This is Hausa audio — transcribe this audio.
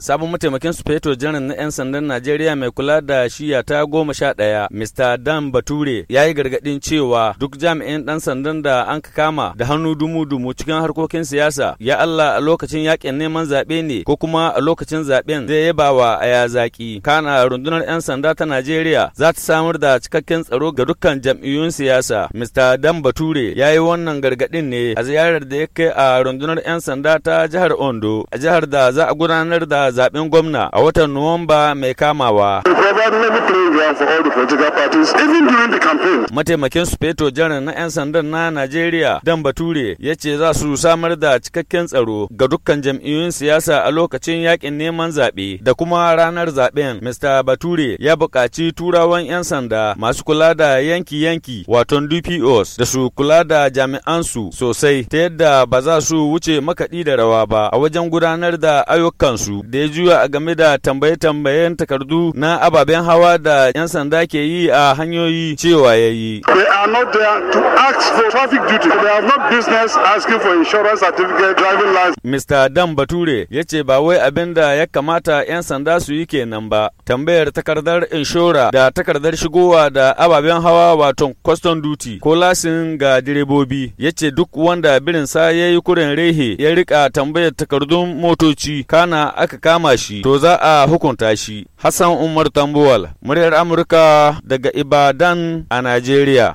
Sabon mataimakin su feto janar na 'yan sandan Najeriya mai kula da shiya ta goma sha ɗaya, Mr. Dan Bature, ya yi gargaɗin cewa duk jami'in ɗan sandan da an kama da hannu dumu-dumu cikin harkokin siyasa, ya Allah a lokacin yakin neman zaɓe ne ko kuma a lokacin zaɓen zai yaba wa ya zaki. Kana rundunar 'yan sanda ta Najeriya za ta samar da cikakken tsaro ga dukkan jam'iyyun siyasa. Mr. Dan Bature ya yi wannan gargaɗin ne a ziyarar da ya kai a rundunar 'yan sanda ta jihar Ondo, a jihar da za a gudanar da zaben gwamna a watan Nuwamba mai kamawa. Mataimakin Sufeto Janar na 'yan sandan na Najeriya Dan Bature ya ce za su samar da cikakken tsaro ga dukkan jam'iyyun siyasa a lokacin yakin neman zaɓe da kuma ranar zaɓen. Mr. Bature ya buƙaci turawan 'yan sanda masu kula da yanki-yanki waton DPOs da su kula da jami'ansu sosai ta yadda ba za su wuce makaɗi da rawa ba a wajen gudanar da ayyukansu. da ya juya a game da tambaye-tambayen takardu na ababen hawa da 'yan sanda ke yi a hanyoyi cewa ya yi. They are not there to ask for traffic duty. They have not business asking for insurance certificate, driving license. Mr. Dan Bature ya ce ba wai abin da ya kamata 'yan sanda su yi kenan ba. Tambayar takardar inshora da takardar shigowa da ababen hawa wato custom duty ko lasin ga direbobi ya ce duk wanda birinsa ya yi kuren rehe ya rika tambayar takardun motoci kana aka kama shi to za a hukunta shi. Hassan Umar Tambuwal, muryar Amurka daga Ibadan a Najeriya.